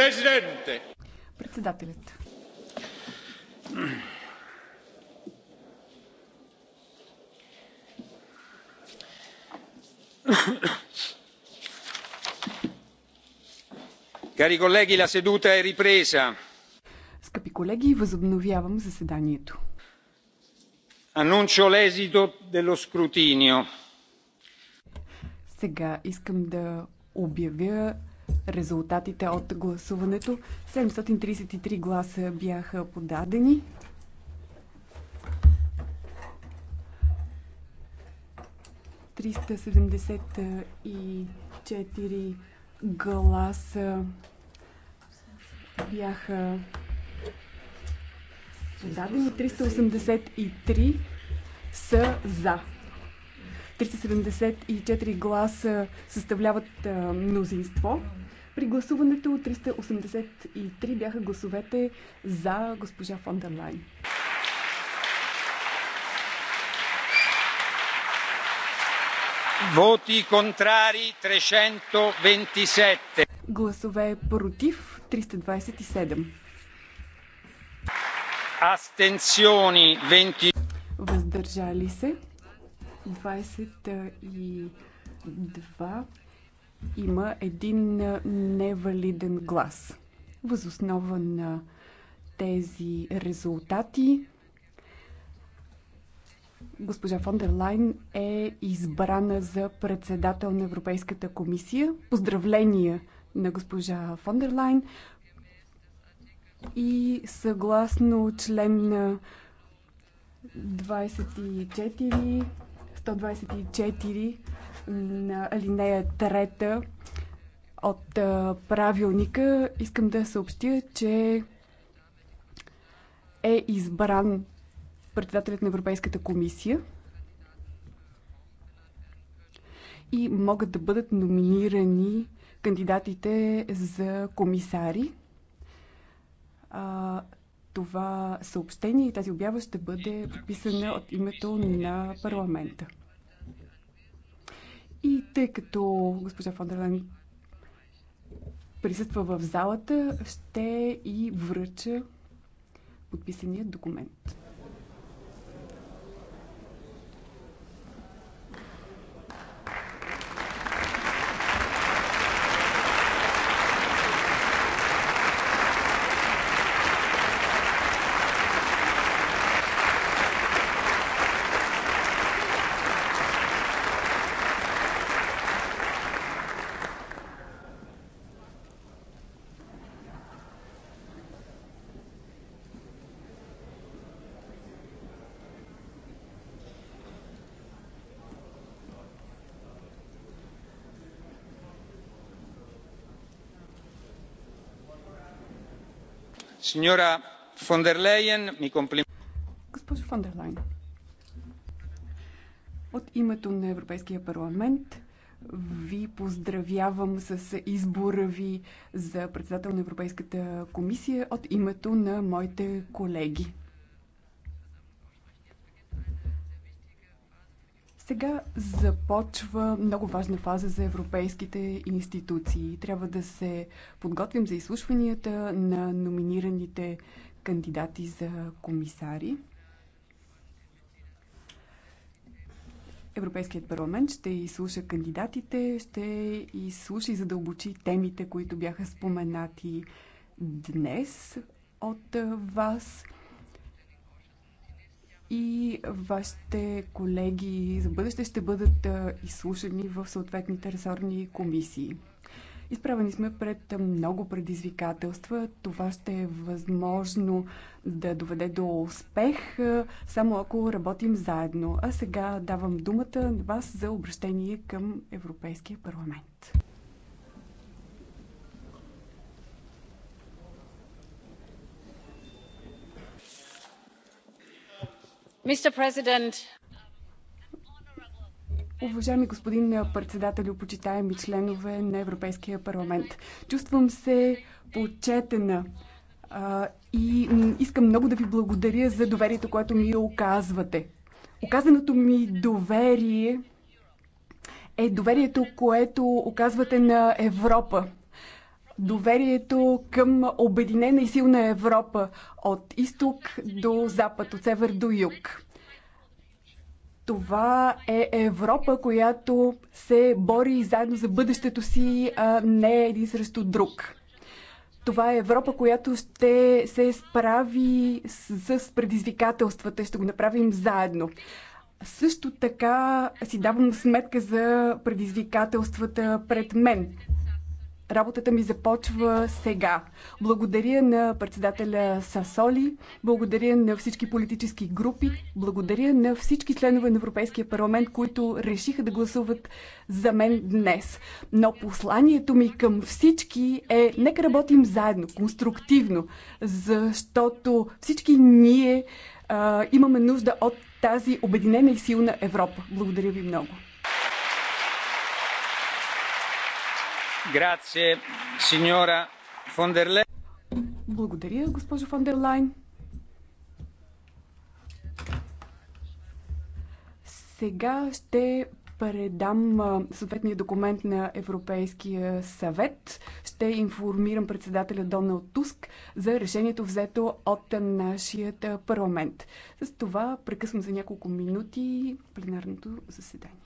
Президенте! Председателят. Кари колеги, ла седута е ripresa. Скъпи колеги, възобновявам заседанието. Annuncio l'esito dello скрутинио. Сега искам да обявя резултатите от гласуването. 733 гласа бяха подадени. Триста гласа бяха подадени, 383 са за. 374 гласа съставляват а, мнозинство. При гласуването 383 бяха гласовете за госпожа фон дер Лайн. Воти контрари 327. Гласове против 327. Астенсиони 20. Въздържали се 22 има един невалиден глас. Възоснова на тези резултати госпожа фон дер Лайн е избрана за председател на Европейската комисия. Поздравления на госпожа фон дер Лайн и съгласно член на 24 124 на алинея 3 от правилника искам да съобщя, че е избран председателят на Европейската комисия и могат да бъдат номинирани кандидатите за комисари това съобщение и тази обява ще бъде подписана от името на парламента. И тъй като госпожа Фондерлен присъства в залата, ще и връча подписания документ. Госпожо фон дер Лайен, от името на Европейския парламент ви поздравявам с избора ви за председател на Европейската комисия от името на моите колеги. Сега започва много важна фаза за европейските институции. Трябва да се подготвим за изслушванията на номинираните кандидати за комисари. Европейският парламент ще изслуша кандидатите, ще изслуша и задълбочи темите, които бяха споменати днес от вас – и вашите колеги за бъдеще ще бъдат изслушани в съответните ресорни комисии. Изправени сме пред много предизвикателства. Това ще е възможно да доведе до успех, само ако работим заедно. А сега давам думата на вас за обращение към Европейския парламент. Уважаеми господин председател, почитаеми членове на Европейския парламент, чувствам се почетена а, и искам много да ви благодаря за доверието, което ми оказвате. Оказаното ми доверие е доверието, което оказвате на Европа доверието към обединена и силна Европа от изток до запад, от север до юг. Това е Европа, която се бори заедно за бъдещето си, а не един срещу друг. Това е Европа, която ще се справи с, с предизвикателствата. Ще го направим заедно. Също така си давам сметка за предизвикателствата пред мен работата ми започва сега. Благодаря на председателя Сасоли, благодаря на всички политически групи, благодаря на всички членове на Европейския парламент, които решиха да гласуват за мен днес. Но посланието ми към всички е нека работим заедно, конструктивно, защото всички ние а, имаме нужда от тази обединена и силна Европа. Благодаря ви много. Благодаря, госпожо фон дер Лайн. Сега ще предам съответния документ на Европейския съвет. Ще информирам председателя Доналд Туск за решението взето от нашият парламент. С това прекъсвам за няколко минути пленарното заседание.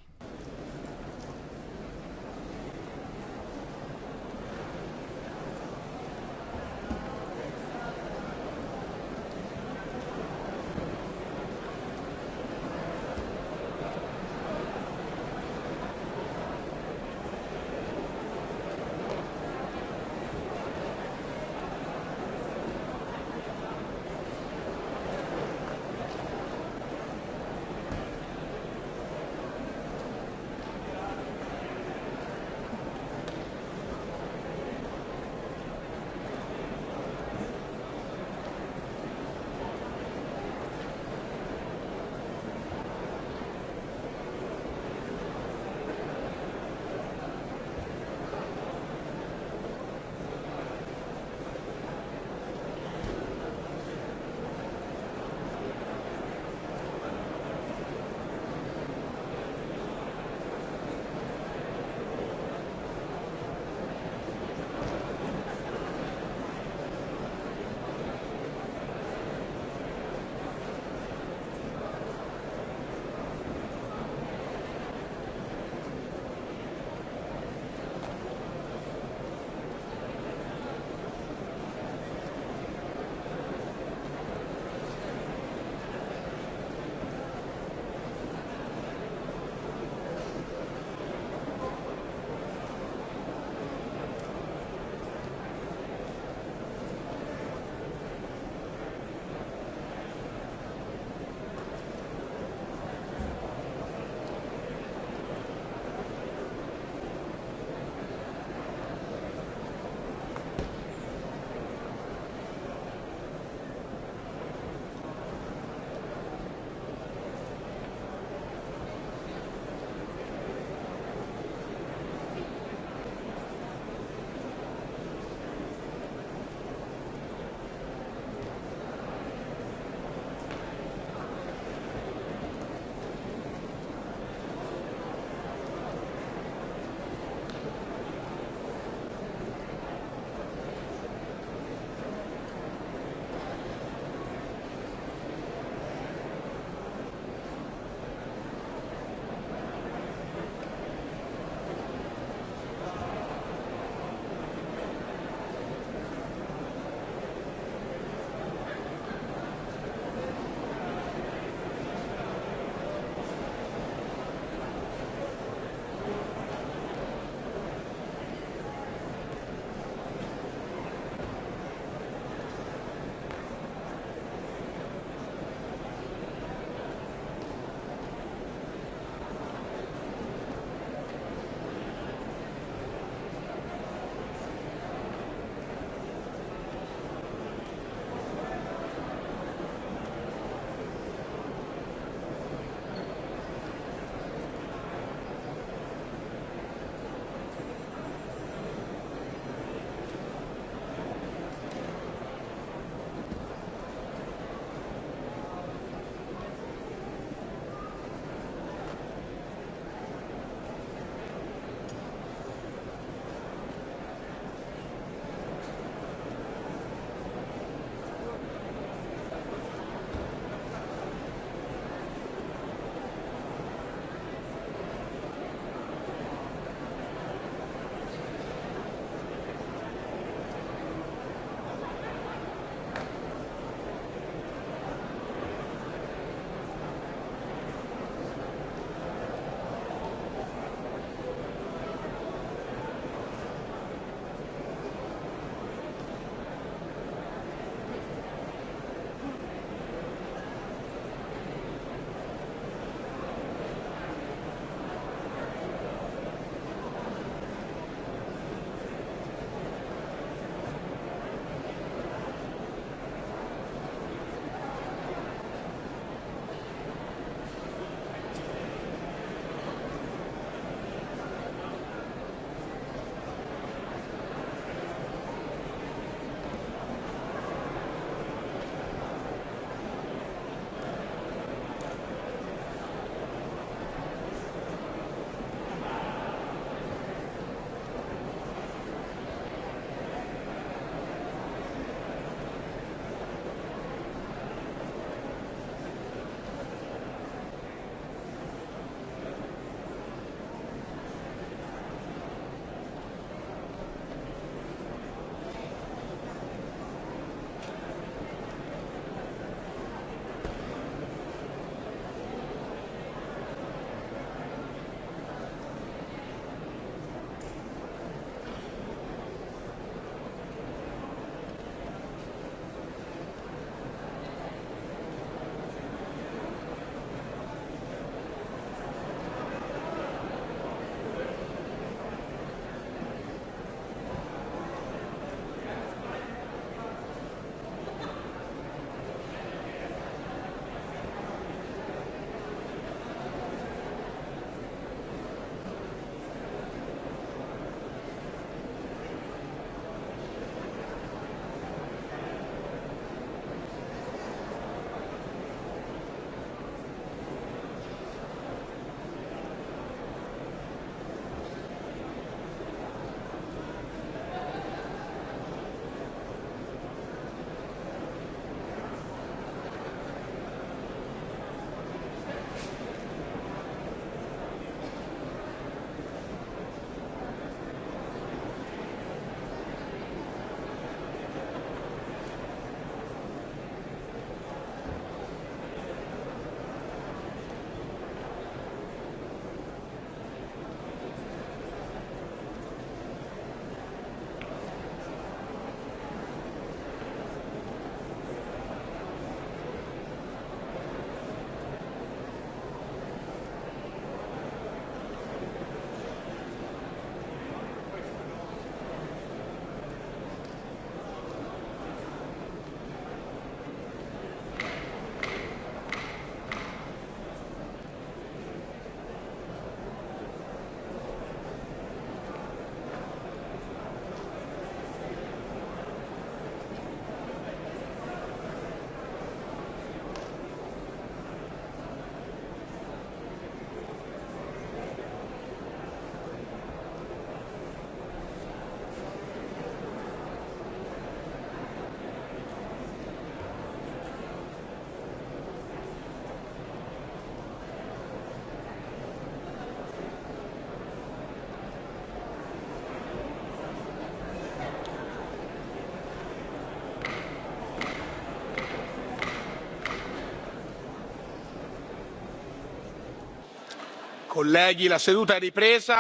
Колеги, la seduta е ripresa.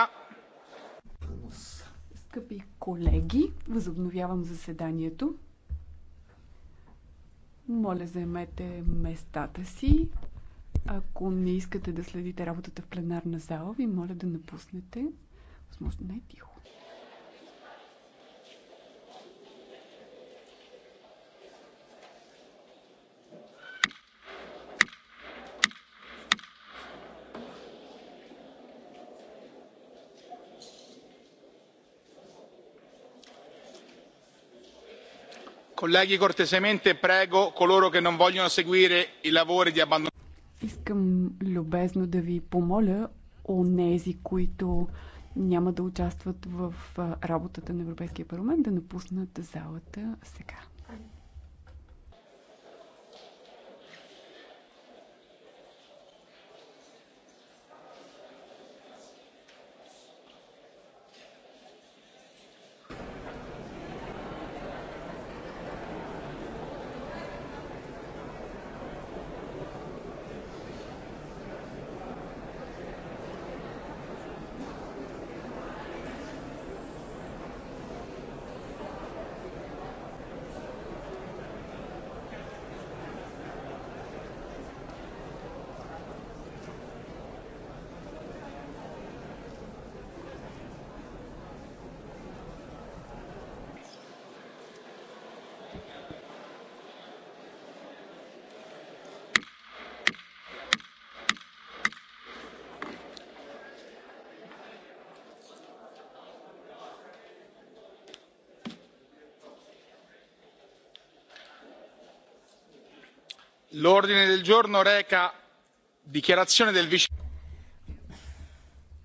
Скъпи колеги, възобновявам заседанието. Моля, заемете местата си. Ако не искате да следите работата в пленарна зала, ви моля да напуснете. Възможно не е тихо. Колеги, cortesemente prego coloro che non vogliono seguire i lavori di abbandonare. Искам любезно да ви помоля онези, които няма да участват в работата на Европейския парламент, да напуснат залата сега. l'ordine del giorno reca dichiarazione del vice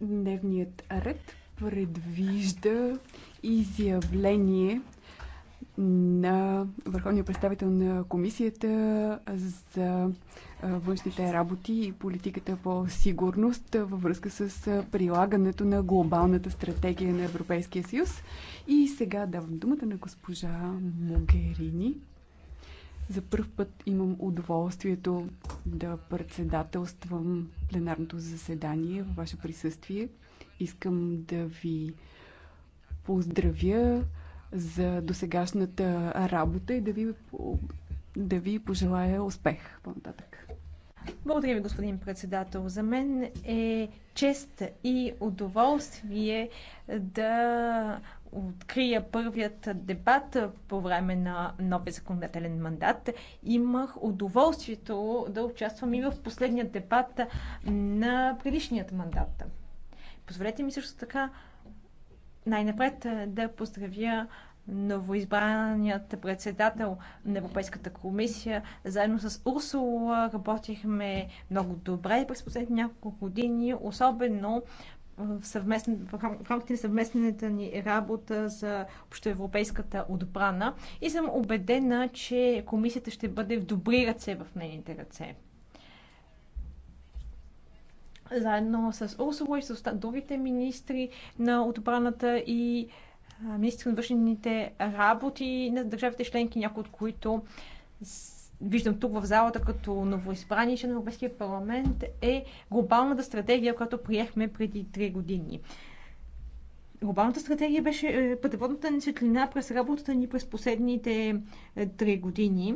Дневният ред предвижда изявление на върховния представител на комисията за външните работи и политиката по сигурност във връзка с прилагането на глобалната стратегия на Европейския съюз. И сега давам думата на госпожа Могерини. За първ път имам удоволствието да председателствам пленарното заседание във ваше присъствие. Искам да ви поздравя за досегашната работа и да ви, да ви пожелая успех по-нататък. Благодаря ви, господин председател. За мен е чест и удоволствие да открия първият дебат по време на новия законодателен мандат. Имах удоволствието да участвам и в последния дебат на предишният мандат. Позволете ми също така най-напред да поздравя новоизбраният председател на Европейската комисия. Заедно с Урсула работихме много добре през последните няколко години, особено в, рамките на съвместната ни работа за общоевропейската отбрана и съм убедена, че комисията ще бъде в добри ръце в нейните ръце. Заедно с Урсула и с другите министри на отбраната и министри на външните работи на държавите членки, някои от които виждам тук в залата като новоизбрани член на Европейския парламент е глобалната стратегия, която приехме преди 3 години. Глобалната стратегия беше е, пътеводната ни светлина през работата ни през последните 3 е, години.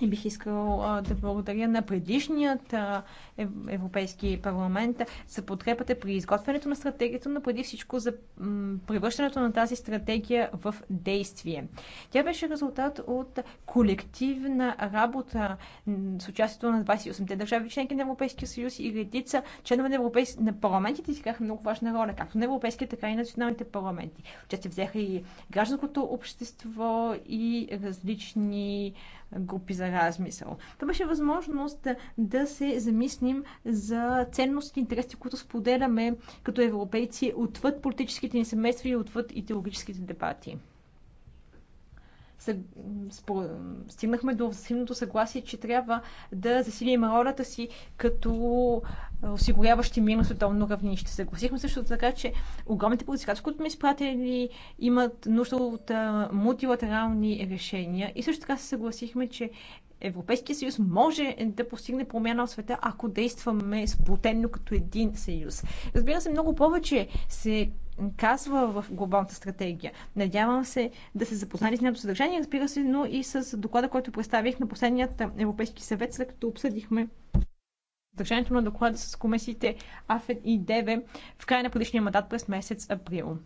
И бих искал а, да благодаря на предишният а, Европейски парламент за подкрепата при изготвянето на стратегията, но преди всичко за превръщането на тази стратегия в действие. Тя беше резултат от колективна работа с участието на 28-те държави, членки на Европейския съюз и редица членове на, Европейс... на парламентите изиграха много важна роля, както на европейските, така и националните парламенти. Участие взеха и гражданското общество и различни групи за размисъл. Това беше възможност да се замислим за ценности и интереси, които споделяме като европейци отвъд политическите ни семейства и отвъд идеологическите дебати стигнахме до взаимното съгласие, че трябва да засилим ролята си като осигуряващи мирно световно равнище. Съгласихме също така, че огромните предизвикателства, които сме изпратили, имат нужда от мултилатерални решения. И също така се съгласихме, че Европейския съюз може да постигне промяна в света, ако действаме сплотено като един съюз. Разбира се, много повече се казва в глобалната стратегия. Надявам се да се запознали с нейното съдържание, разбира се, но и с доклада, който представих на последният Европейски съвет, след като обсъдихме съдържанието на доклада с комисиите АФЕД и ДВ в края на предишния мандат през месец април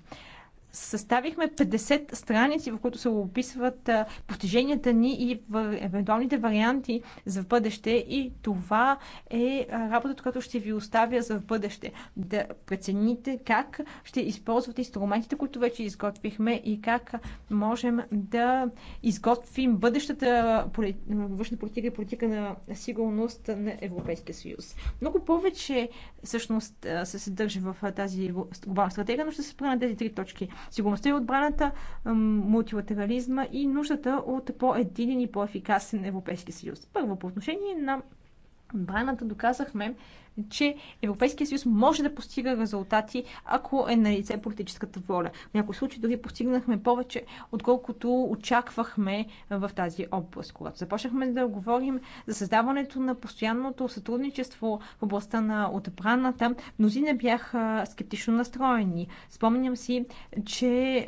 съставихме 50 страници, в които се описват постиженията ни и евентуалните варианти за бъдеще. И това е работата, която ще ви оставя за бъдеще. Да прецените как ще използвате инструментите, които вече изготвихме и как можем да изготвим бъдещата външна политика и политика на сигурност на Европейския съюз. Много повече всъщност се съдържа в тази глобална стратегия, но ще се спра на тези три точки сигурността и отбраната, мултилатерализма и нуждата от по-единен и по-ефикасен Европейски съюз. Първо, по отношение на отбраната доказахме, че Европейския съюз може да постига резултати, ако е на лице политическата воля. В някои случаи дори постигнахме повече, отколкото очаквахме в тази област. Когато започнахме да говорим за създаването на постоянното сътрудничество в областта на отбраната, мнозина бяха скептично настроени. Спомням си, че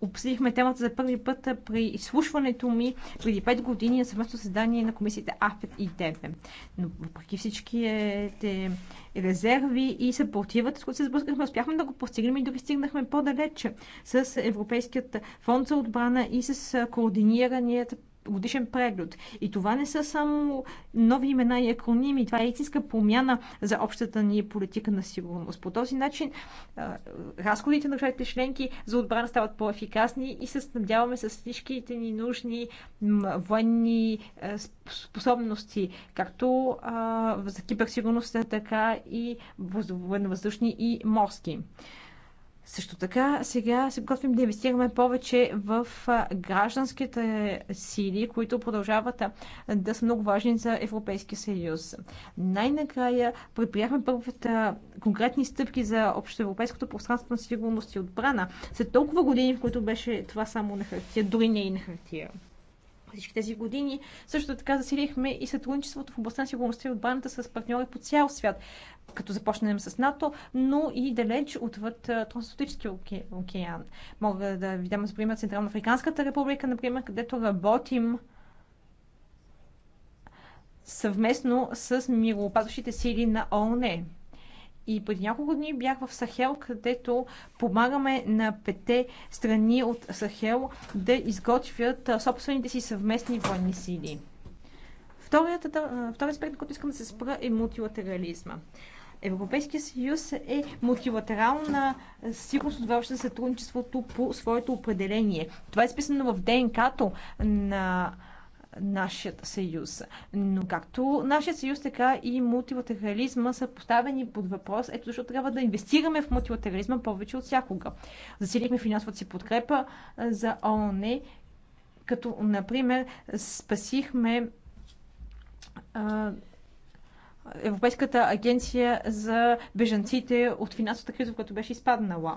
обсъдихме темата за първи път при изслушването ми преди 5 години на съвместно създание на комисията АФЕТ и ДЕВЕ. Но въпреки всички е своите резерви и съпротивата, с които се сблъскахме, успяхме да го постигнем и дори стигнахме по-далече с Европейският фонд за отбрана и с координираният годишен преглед. И това не са само нови имена и акроними, това е истинска промяна за общата ни политика на сигурност. По този начин разходите на държавите членки за отбрана стават по-ефикасни и се снабдяваме с всичките ни нужни военни способности, както за киберсигурността, така и военно-въздушни и морски. Също така, сега се готвим да инвестираме повече в гражданските сили, които продължават да са много важни за Европейския съюз. Най-накрая предприяхме първата конкретни стъпки за общоевропейското пространство на сигурност и отбрана. След толкова години, в които беше това само на хартия, дори не и на хартия всички тези години. Също така засилихме и сътрудничеството в областта на сигурността и отбраната с партньори по цял свят, като започнем с НАТО, но и далеч отвъд Трансатлантическия океан. Мога да ви дам за пример Централноафриканската република, например, където работим съвместно с мироопазващите сили на ООН. И преди няколко дни бях в Сахел, където помагаме на пете страни от Сахел да изготвят собствените си съвместни военни сили. Вторият, аспект, който искам да се спра, е мултилатерализма. Европейския съюз е мултилатерална сигурност, вършен сътрудничеството по своето определение. Това е изписано в ДНК-то на нашият съюз. Но както нашият съюз, така и мултилатерализма са поставени под въпрос. Ето защо трябва да инвестираме в мултилатерализма повече от всякога. Засилихме финансовата си подкрепа за ООН, като, например, спасихме Европейската агенция за бежанците от финансовата криза, в която беше изпаднала.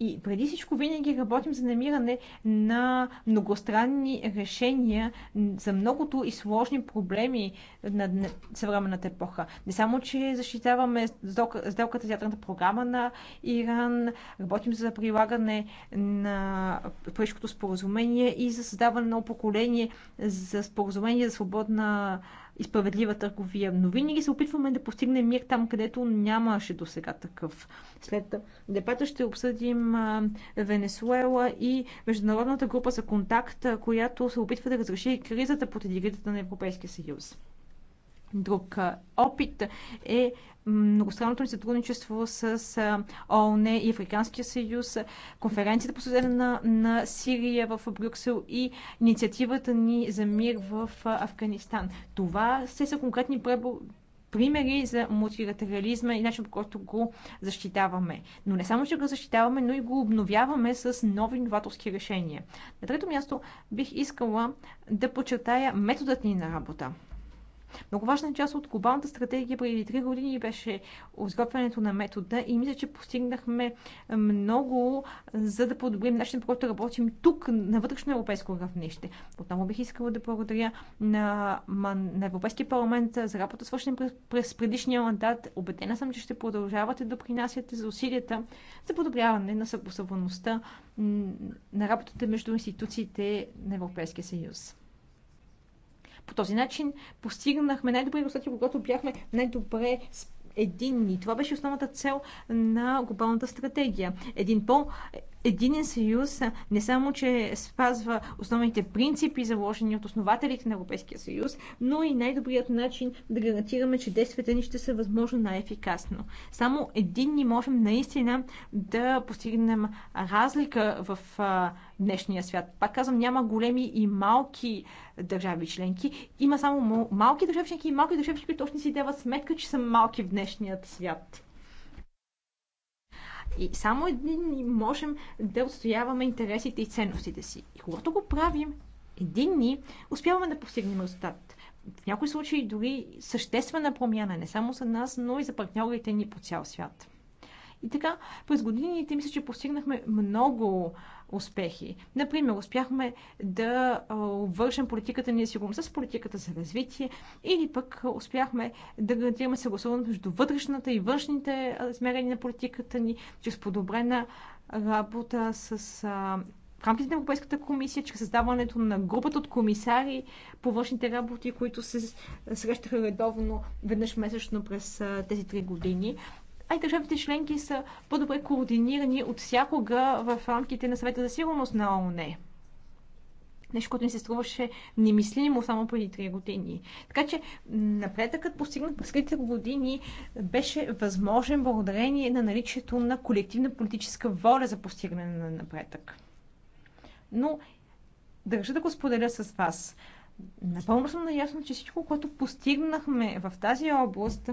И преди всичко винаги работим за намиране на многостранни решения за многото и сложни проблеми на съвременната епоха. Не само, че защитаваме сделката ядрената програма на Иран, работим за прилагане на Парижското споразумение и за създаване на поколение за споразумение за свободна и справедлива търговия. Но винаги се опитваме да постигнем мир там, където нямаше до сега такъв. След дебата ще обсъдим Венесуела и Международната група за контакт, която се опитва да разреши кризата под егидата на Европейския съюз. Друг опит е многостранното ни сътрудничество с ООН и Африканския съюз, конференцията посветена на, на Сирия в Брюксел и инициативата ни за мир в Афганистан. Това все са конкретни пребо примери за мултилатерализма и начин по който го защитаваме. Но не само, че го защитаваме, но и го обновяваме с нови новаторски решения. На трето място бих искала да подчертая методът ни на работа. Много важна част от глобалната стратегия преди три години беше изготвянето на метода и мисля, че постигнахме много, за да подобрим начин, по който работим тук, на вътрешно европейско равнище. Отново бих искала да благодаря на, на Европейския парламент за работа, свършена през, през предишния мандат. Обедена съм, че ще продължавате да принасяте за усилията за подобряване на съгласуваността на работата между институциите на Европейския съюз. По този начин постигнахме най-добри резултати, когато бяхме най-добре единни. Това беше основната цел на глобалната стратегия. Един по Единен съюз не само, че спазва основните принципи, заложени от основателите на Европейския съюз, но и най-добрият начин да гарантираме, че действията ни ще са възможно най-ефикасно. Само един ни можем наистина да постигнем разлика в а, днешния свят. Пак казвам, няма големи и малки държави членки. Има само малки държави членки и малки държави членки, които още не си дават сметка, че са малки в днешният свят. И само един можем да отстояваме интересите и ценностите си. И когато го правим един ни, успяваме да постигнем резултат. В някои случаи дори съществена промяна не само за нас, но и за партньорите ни по цял свят. И така, през годините мисля, че постигнахме много успехи. Например, успяхме да вършим политиката ни сигурност с политиката за развитие или пък успяхме да гарантираме съгласуване между вътрешната и външните измерения на политиката ни, чрез подобрена работа с а, в рамките на Европейската комисия, чрез създаването на групата от комисари по външните работи, които се срещаха редовно веднъж месечно през тези три години а и държавите членки са по-добре координирани от всякога в рамките на съвета за сигурност на ООН. Нещо, което ни се струваше немислимо само преди 3 години. Така че напредъкът постигнат през 3 години беше възможен благодарение на наличието на колективна политическа воля за постигане на напредък. Но държа да го споделя с вас. Напълно съм наясно, че всичко, което постигнахме в тази област,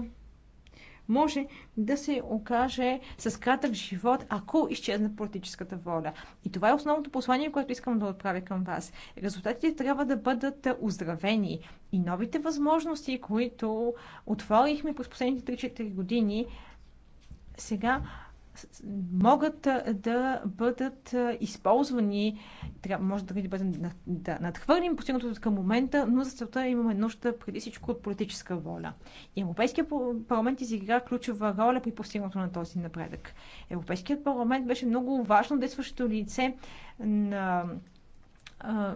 може да се окаже с кратък живот, ако изчезне политическата воля. И това е основното послание, което искам да отправя към вас. Резултатите трябва да бъдат оздравени и новите възможности, които отворихме през последните 3-4 години, сега могат да бъдат използвани, трябва, може да ги бъдем да надхвърлим постигнатото към момента, но за целта имаме нужда преди всичко от политическа воля. И Европейския парламент изигра ключова роля при постигнато на този напредък. Европейският парламент беше много важно действащото лице на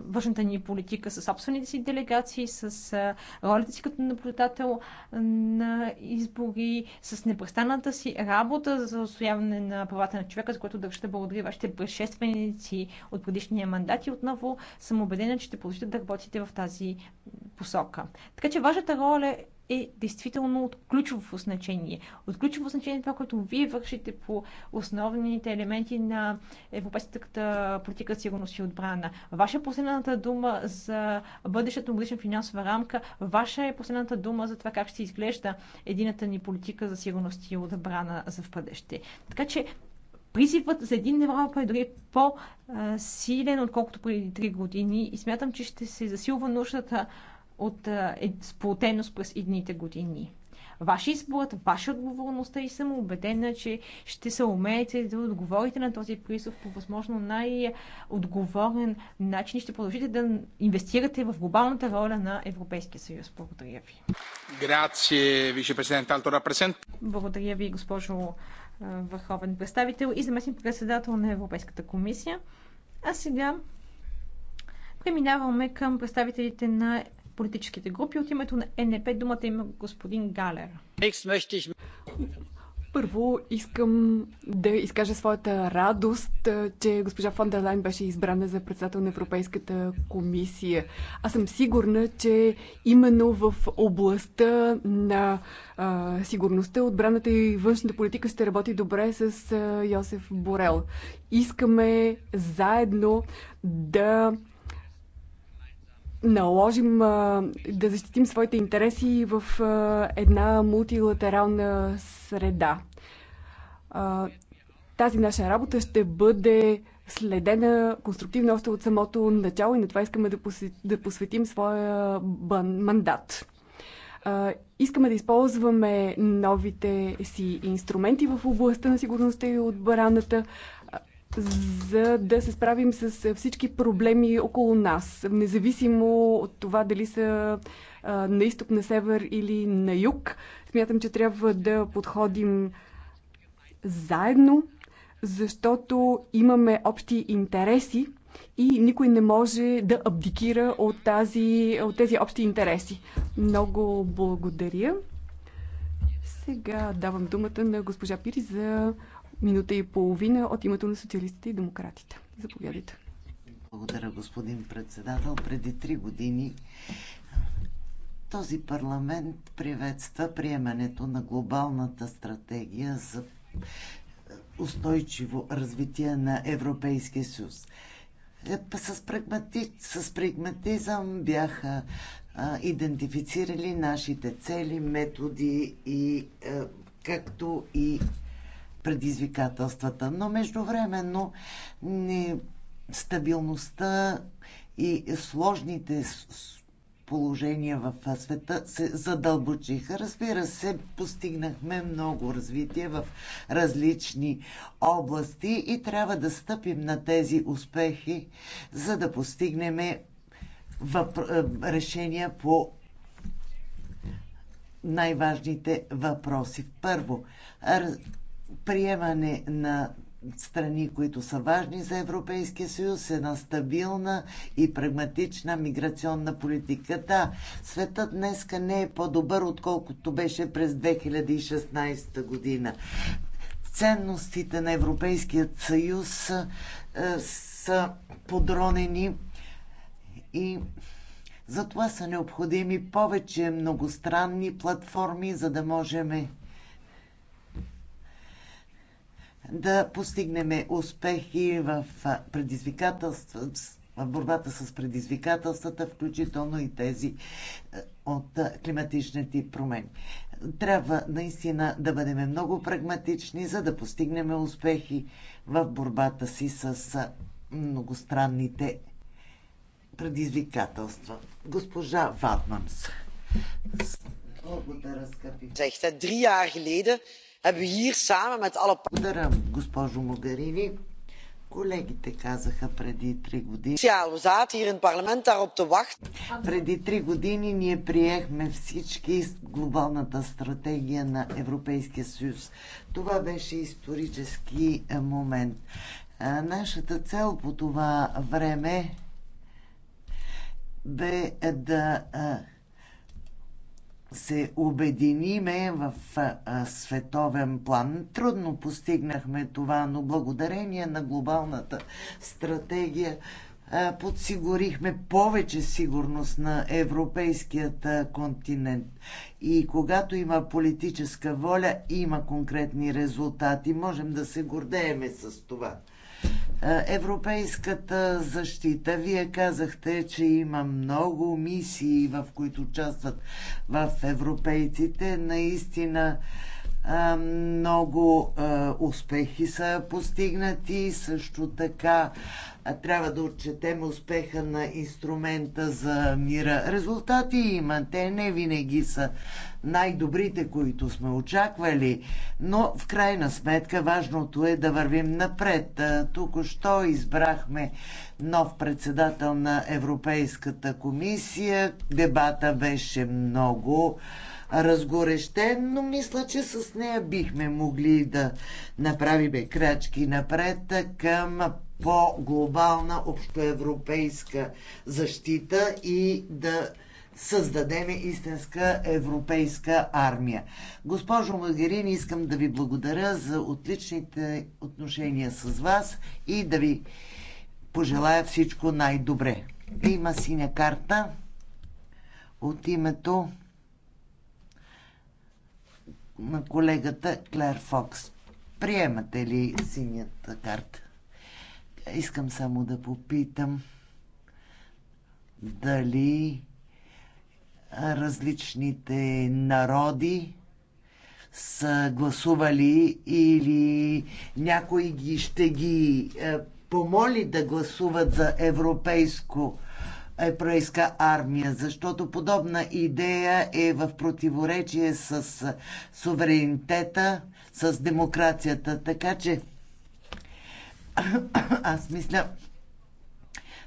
външната ни политика с собствените си делегации, с ролята си като наблюдател на избори, с непрестанната си работа за освояване на правата на човека, за което държа да благодаря вашите предшественици от предишния мандат и отново съм убедена, че ще продължите да работите в тази посока. Така че вашата роля е действително от ключово значение. От ключово значение е това, което вие вършите по основните елементи на европейската политика сигурност и отбрана. Ваша е последната дума за бъдещата годишна финансова рамка. Ваша е последната дума за това как ще изглежда едината ни политика за сигурност и отбрана за в бъдеще. Така че призивът за един Европа е дори по-силен, отколкото преди три години и смятам, че ще се засилва нуждата от сплотеност през едните години. Ваши изборът, ваша отговорността и съм убедена, че ще се умеете да отговорите на този призов по възможно най-отговорен начин и ще продължите да инвестирате в глобалната роля на Европейския съюз. Благодаря ви. Грация, вице-президент Алто Благодаря ви, госпожо върховен представител и заместник председател на Европейската комисия. А сега преминаваме към представителите на политическите групи. От името на НП думата има господин Галер. Първо искам да изкажа своята радост, че госпожа фон дер Лайн беше избрана за председател на Европейската комисия. Аз съм сигурна, че именно в областта на а, сигурността, отбраната и външната политика ще работи добре с а, Йосеф Борел. Искаме заедно да наложим да защитим своите интереси в една мултилатерална среда. Тази наша работа ще бъде следена конструктивно още от самото начало и на това искаме да, посет, да посветим своя бан, мандат. А, искаме да използваме новите си инструменти в областта на сигурността и отбраната за да се справим с всички проблеми около нас, независимо от това дали са на изток, на север или на юг. Смятам, че трябва да подходим заедно, защото имаме общи интереси и никой не може да абдикира от, тази, от тези общи интереси. Много благодаря. Сега давам думата на госпожа Пири за минута и половина от името на социалистите и демократите. Заповядайте. Благодаря, господин председател. Преди три години този парламент приветства приемането на глобалната стратегия за устойчиво развитие на Европейския съюз. Е, с, прагмати, с прагматизъм бяха а, идентифицирали нашите цели, методи и а, е, както и предизвикателствата. Но междувременно стабилността и сложните положения в света се задълбочиха. Разбира се, постигнахме много развитие в различни области и трябва да стъпим на тези успехи, за да постигнем е, въп... Е, решения по най-важните въпроси. Първо, приемане на страни, които са важни за Европейския съюз, една стабилна и прагматична миграционна политика. Да, светът днеска не е по-добър, отколкото беше през 2016 година. Ценностите на Европейския съюз са, е, са подронени и затова са необходими повече многостранни платформи, за да можем да постигнем успехи в предизвикателства, в борбата с предизвикателствата, включително и тези от климатичните промени. Трябва наистина да бъдем много прагматични, за да постигнем успехи в борбата си с многостранните предизвикателства. Госпожа Ватманс. Благодаря, скъпи. Zegt, drie jaar geleden hebben hier samen met alle... Благодаря, госпожо Могарини. Колегите казаха преди три години. We zaten hier in het parlement daarop te wachten. Преди три години ние приехме всички глобалната стратегия на Европейския съюз. Това беше исторически е, момент. Е, нашата цел по това време бе е, да се обединиме в световен план. Трудно постигнахме това, но благодарение на глобалната стратегия подсигурихме повече сигурност на европейският континент. И когато има политическа воля, има конкретни резултати. Можем да се гордееме с това. Е, европейската защита. Вие казахте, че има много мисии, в които участват в европейците. Наистина е, много е, успехи са постигнати. Също така трябва да отчетем успеха на инструмента за мира. Резултати има, те не винаги са най-добрите, които сме очаквали, но в крайна сметка важното е да вървим напред. Тук що избрахме нов председател на Европейската комисия. Дебата беше много разгорещен, но мисля, че с нея бихме могли да направим крачки напред към по-глобална общоевропейска защита и да създадем истинска европейска армия. Госпожо Магерин, искам да ви благодаря за отличните отношения с вас и да ви пожелая всичко най-добре. Има синя карта от името на колегата Клер Фокс. Приемате ли синята карта? Искам само да попитам дали различните народи са гласували или някой ги ще ги е, помоли да гласуват за европейско е, еврейска армия, защото подобна идея е в противоречие с суверенитета, с демокрацията. Така че аз мисля,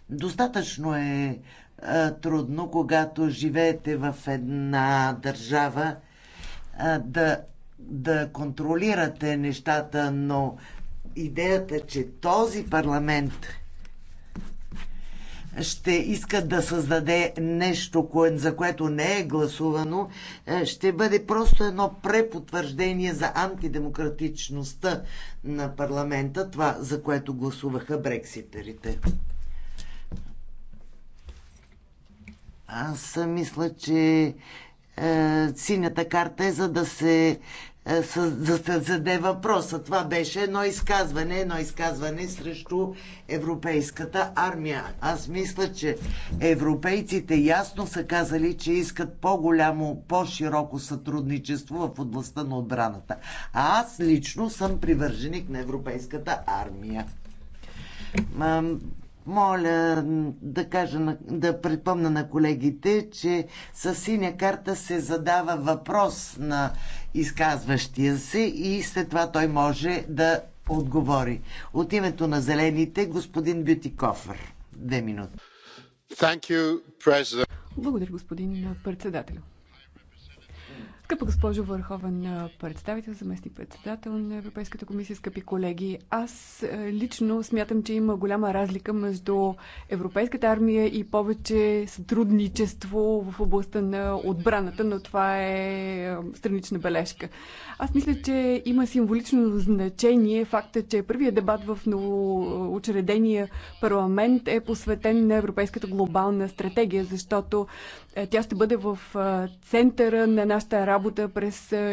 достатъчно е трудно, когато живеете в една държава, да, да контролирате нещата, но идеята, че този парламент ще иска да създаде нещо, за което не е гласувано, е, ще бъде просто едно препотвърждение за антидемократичността на парламента, това за което гласуваха брекситерите. Аз мисля, че е, синята карта е за да се е, да се заде въпроса. Това беше едно изказване, едно изказване срещу европейската армия. Аз мисля, че европейците ясно са казали, че искат по-голямо, по-широко сътрудничество в областта на отбраната. А аз лично съм привърженик на европейската армия. Моля да, кажа, да припомна на колегите, че с синя карта се задава въпрос на изказващия се и след това той може да отговори. От името на зелените, господин Бютикофър. Две минути. Благодаря, господин председател. Скъпа госпожо Върховен представител, заместник председател на Европейската комисия, скъпи колеги, аз лично смятам, че има голяма разлика между Европейската армия и повече сътрудничество в областта на отбраната, но това е странична бележка. Аз мисля, че има символично значение факта, че първият дебат в новоучредения парламент е посветен на Европейската глобална стратегия, защото е, тя ще бъде в е, центъра на нашата работа през е,